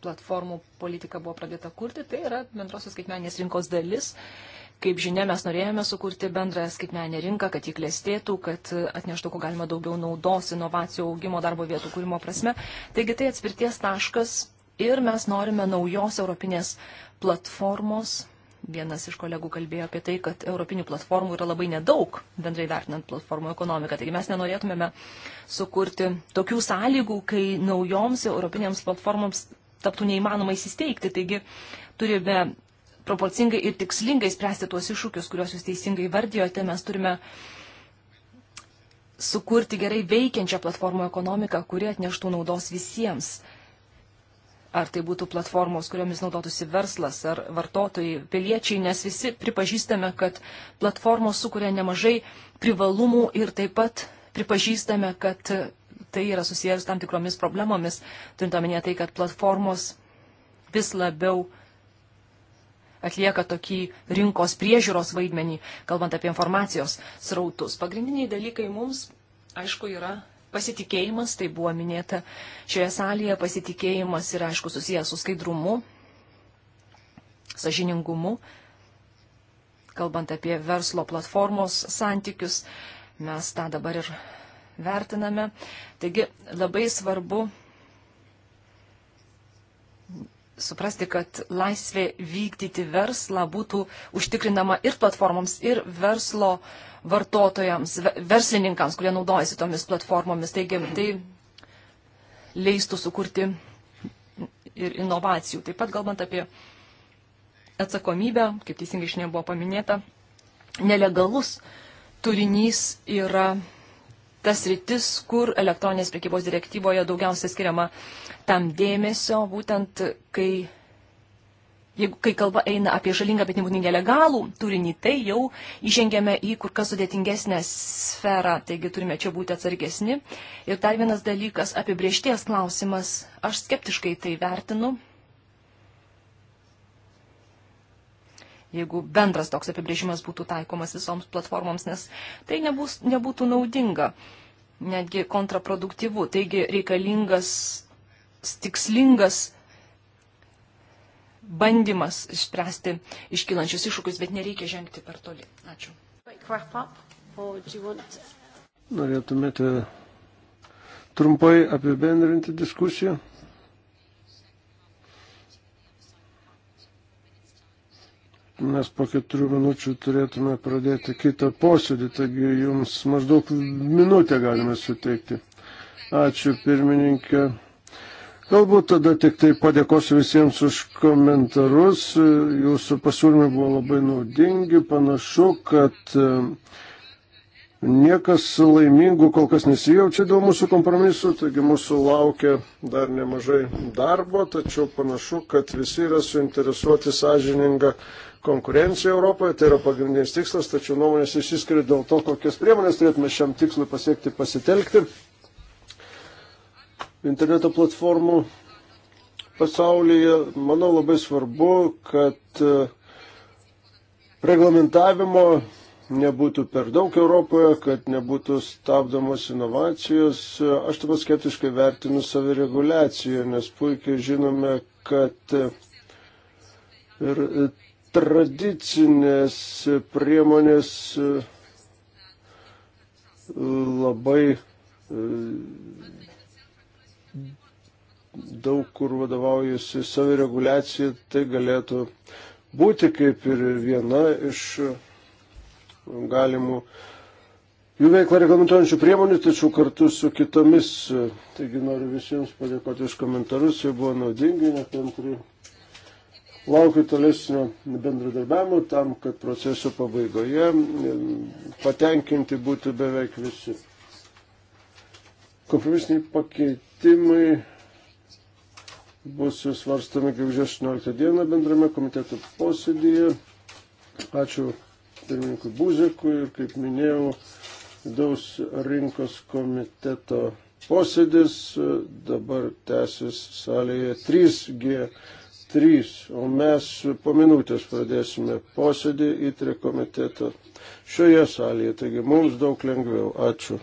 platformų politika buvo pradėta kurti. Tai yra bendrosios skaitmeninės rinkos dalis. Uh, Kaip žinia, mes norėjome sukurti bendrą skaitmenę rinką, kad jį klėstėtų, kad atneštų kuo galima daugiau naudos, inovacijų augimo, darbo vietų kūrimo prasme. Taigi tai atspirties taškas ir mes norime naujos europinės platformos. Vienas iš kolegų kalbėjo apie tai, kad europinių platformų yra labai nedaug, bendrai vertinant platformų ekonomiką. Taigi mes nenorėtumėme sukurti tokių sąlygų, kai naujoms europinėms platformoms taptų neįmanoma įsisteigti. Taigi turime proporcingai ir tikslingai spręsti tuos iššūkius, kuriuos jūs teisingai vardijote, mes turime sukurti gerai veikiančią platformų ekonomiką, kuri atneštų naudos visiems. Ar tai būtų platformos, kuriomis naudotųsi verslas ar vartotojai, piliečiai, nes visi pripažįstame, kad platformos sukuria nemažai privalumų ir taip pat pripažįstame, kad tai yra susijęs tam tikromis problemomis, turint omenyje tai, kad platformos vis labiau uh, atlieka tokį rinkos priežiūros vaidmenį, kalbant apie informacijos srautus. Pagrindiniai dalykai mums, aišku, yra pasitikėjimas, tai buvo minėta šioje salėje, pasitikėjimas yra, aišku, susijęs su skaidrumu, sažiningumu, kalbant apie verslo platformos santykius, mes tą dabar ir vertiname. Taigi labai svarbu suprasti, kad laisvė vykdyti verslą būtų užtikrinama ir platformoms, ir verslo vartotojams, verslininkams, kurie naudojasi tomis platformomis. Taigi tai leistų sukurti ir inovacijų. Taip pat kalbant apie atsakomybę, kaip teisingai šiandien buvo paminėta, nelegalus turinys yra tas rytis, kur elektroninės priekybos direktyvoje daugiausia skiriama tam dėmesio, būtent kai, jeigu, kai kalba eina apie žalingą, bet nebūtinai nelegalų turinį, tai jau įžengėme į kur kas sudėtingesnę sferą, taigi turime čia būti atsargesni. Ir dar vienas dalykas - apibriešties klausimas. Aš skeptiškai tai vertinu, jeigu bendras toks apibrėžimas būtų taikomas visoms platformoms, nes tai nebus, nebūtų naudinga, netgi kontraproduktyvu. Taigi reikalingas tikslingas bandymas išspręsti iškylančius iššūkius, bet nereikia žengti per toli. Ačiū. Norėtumėte trumpai apibendrinti diskusiją? mes po keturių minučių turėtume pradėti kitą posėdį, taigi jums maždaug minutę galime suteikti. Ačiū pirmininkė. Galbūt tada tik tai padėkosiu visiems už komentarus. Jūsų pasiūlymai buvo labai naudingi. Panašu, kad e, niekas laimingų kol kas nesijaučia dėl mūsų kompromisų, taigi mūsų laukia dar nemažai darbo, tačiau panašu, kad visi yra suinteresuoti sąžiningą konkurenciją Europoje, tai yra pagrindinis tikslas, tačiau nuomonės išsiskiria dėl to, kokias priemonės turėtume šiam tikslui pasiekti pasitelkti. Interneto platformų pasaulyje, manau, labai svarbu, kad e, reglamentavimo nebūtų per daug Europoje, kad nebūtų stabdomos inovacijos. Aš taip pat skeptiškai vertinu savireguliaciją, nes puikiai žinome, kad e, ir e, tradicinės priemonės e, labai e, daug kur vadovaujasi savireguliacija, tai galėtų būti kaip ir viena iš galimų jų veiklą reglamentuojančių priemonių, tačiau kartu su kitomis. Taigi noriu visiems padėkoti už komentarus, jie buvo naudingi, nekantri Laukiu tolesnio bendradarbiavimo tam, kad proceso pabaigoje e, patenkinti būtų beveik visi. Kompromisiniai pakeitimai bus svarstami gegužės 16 dieną bendrame komiteto posėdėje. Ačiū pirmininkui Buzekui ir, kaip minėjau, vidaus rinkos komiteto posėdis e, dabar tęsis salėje 3G. 3, o mes po minutės pradėsime posėdį į tri komiteto šioje salėje, taigi mums daug lengviau. Ačiū.